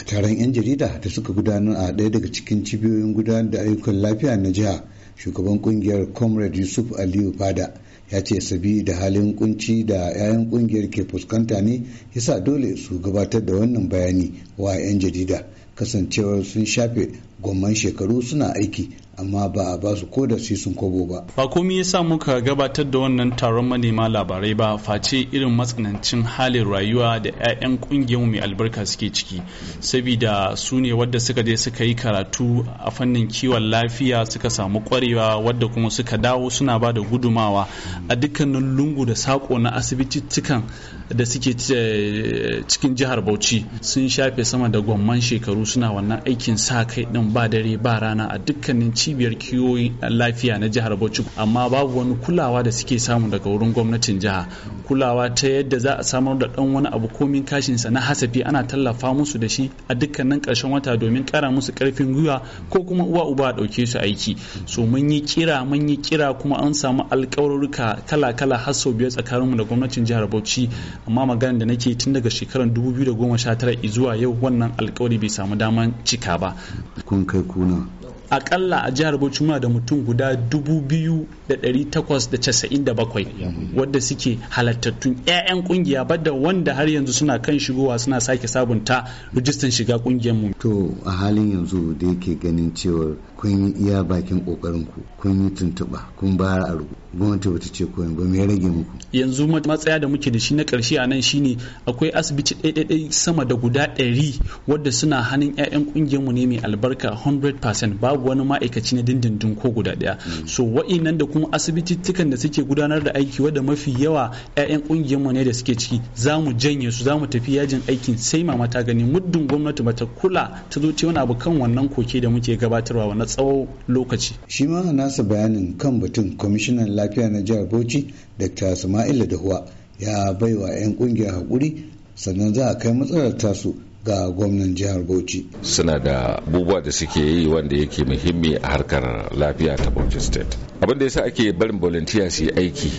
a taron 'yan jarida da suka gudanar a ɗaya daga cikin cibiyoyin gudanar da ayyukan lafiya na jiha shugaban kungiyar comrade yusuf aliyu fada ya ce sabi da halin kunci da 'ya'yan kungiyar ke fuskanta ne yasa dole su gabatar da wannan bayani wa 'yan jarida kasancewar sun shafe gomman shekaru suna aiki amma ba a ba su ko da sai sun kobo ba. Ba komi ya sa muka gabatar da wannan taron manema labarai ba face irin matsanancin halin rayuwa da 'ya'yan kungiyar mai albarka suke ciki saboda su ne wadda suka je suka yi karatu a fannin kiwon lafiya suka samu kwarewa wadda kuma suka dawo suna ba da gudumawa a dukkanin lungu da sako na cikan da suke eh, cikin jihar Bauchi sun shafe sama da gwamman shekaru suna wannan aikin sa kai din ba dare ba rana a dukkanin cibiyar kiwoyi lafiya na jihar Bauchi amma babu wani kulawa da suke samu daga wurin gwamnatin jiha kulawa ta yadda za a samar da dan wani abu komin kashinsa na hasafi ana tallafa musu da shi a dukkanin karshen wata domin kara musu karfin gwiwa ko kuma uwa uba a ɗauke su aiki so mun yi kira mun yi kira kuma an samu alƙawarruka kala-kala har sau biyar tsakaninmu da gwamnatin jihar Bauchi amma magana da nake tun daga shekarar 2019 zuwa yau wannan alƙawari bai samu daman cika ba. Kun kun kai kuna akalla a jihar bauchi muna da mutum guda 2,897 wadda suke halartattun 'ya'yan kungiya bada wanda har yanzu suna kan shigowa suna sake sabunta rijistan shiga kungiyar mu to a halin yanzu da yake ganin cewar kun yi iya bakin kokarin ku kun yi tuntuɓa kun ba a rubu gwamnati bata ce koyin ba me rage muku yanzu matsaya da muke da shi na karshe a nan shine akwai asibiti ɗaiɗaiɗai sama da guda ɗari wadda suna hannun 'ya'yan ƙungiyar mu ne mai albarka 100% babu wani ma'aikaci na dindindin ko guda ɗaya mm. so wa'innan da kuma asibitittukan da suke gudanar da aiki wadda mafi yawa 'ya'yan ƙungiyar mu ne da suke ciki za mu janye su za mu tafi yajin aikin sai mama ta gani muddin gwamnati bata kula ta zo ta wani abu kan wannan koke da muke gabatarwa wannan tsawon lokaci shi ma nasa bayanin kan batun kwamishinan lafiya na jihar bauchi dr sama'ila dahuwa ya baiwa 'yan kungiyar haƙuri sannan za a kai matsalar tasu ga gwamnan jihar bauchi suna da abubuwa da suke yi wanda yake muhimmi a harkar lafiya ta bauchi state abin da yasa ake barin volunteer su yi aiki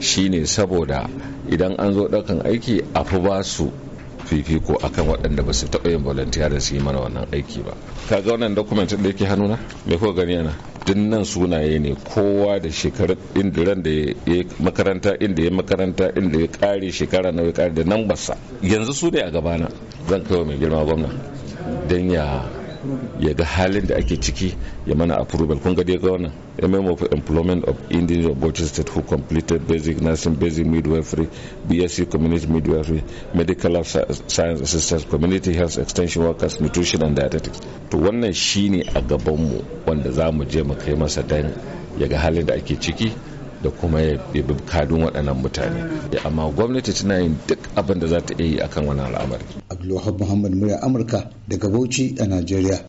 shine saboda idan an zo ɗaukan aiki a fi ba su fifiko akan waɗanda ba su taɓa yin volunteer su yi mana wannan aiki ba kaga wannan document da yake hannuna me kuka gani yana nan sunaye ne kowa da shekarar ran da ya makaranta inda ya makaranta inda ya kare shekara na ya kare da nan basa yanzu su ne a gabana zan kai wa mai girma gwamna don ya ya ga halin da ake ciki ya mana approval kun ga dai ga wannan mm of employment of indians of Bauchi state who completed basic nursing basic midwifery bsc community midwifery medical science assistance community health extension workers nutrition and dietetics to wannan shine a gaban mu wanda za mu je mu kai masa dan ya ga halin da ake ciki da kuma ya bi kadun waɗannan mutane amma gwamnati tana yin duk abin da za ta iya yi akan wani al'amari abdulwahab muhammad murya amurka daga bauchi a najeriya